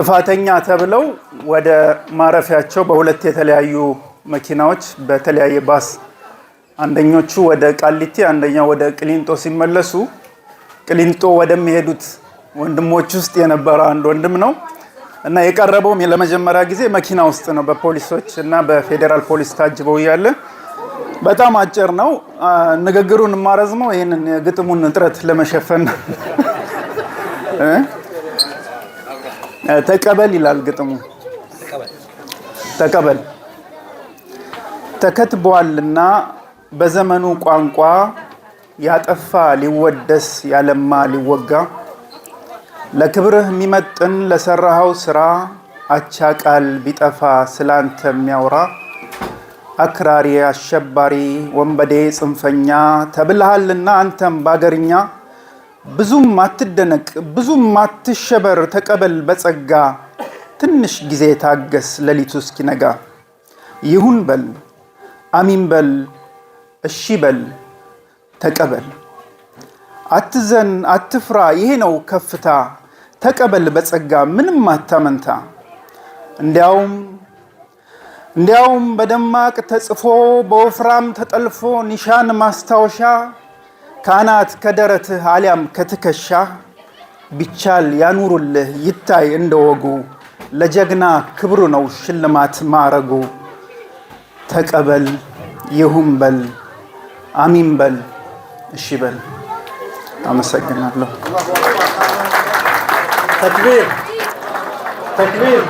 ጥፋተኛ ተብለው ወደ ማረፊያቸው በሁለት የተለያዩ መኪናዎች በተለያየ ባስ አንደኞቹ ወደ ቃሊቲ አንደኛው ወደ ቅሊንጦ ሲመለሱ ቅሊንጦ ወደሚሄዱት ወንድሞች ውስጥ የነበረ አንድ ወንድም ነው እና የቀረበውም ለመጀመሪያ ጊዜ መኪና ውስጥ ነው። በፖሊሶች እና በፌዴራል ፖሊስ ታጅበው እያለ በጣም አጭር ነው ንግግሩን የማረዝመው ይህንን የግጥሙን እጥረት ለመሸፈን ተቀበል ይላል ግጥሙ። ተቀበል ተከትቧልና በዘመኑ ቋንቋ ያጠፋ ሊወደስ ያለማ ሊወጋ ለክብርህ የሚመጥን ለሰራኸው ስራ አቻ ቃል ቢጠፋ ስላንተ የሚያወራ አክራሪ አሸባሪ ወንበዴ ጽንፈኛ ተብልሃልና አንተም ባገርኛ ብዙም አትደነቅ፣ ብዙም አትሸበር፣ ተቀበል በጸጋ ትንሽ ጊዜ ታገስ፣ ሌሊቱ እስኪነጋ ይሁን በል፣ አሚን በል፣ እሺ በል፣ ተቀበል። አትዘን፣ አትፍራ፣ ይሄ ነው ከፍታ። ተቀበል በጸጋ ምንም አታመንታ። እንዲያውም እንዲያውም በደማቅ ተጽፎ በወፍራም ተጠልፎ ኒሻን ማስታወሻ ከአናት ከደረትህ አሊያም ከትከሻህ ቢቻል ያኑሩልህ ይታይ እንደወጉ ለጀግና ክብሩ ነው ሽልማት ማረጉ። ተቀበል ይሁን በል አሚን በል እሺ በል። አመሰግናለሁ። ተክቢር ተክቢር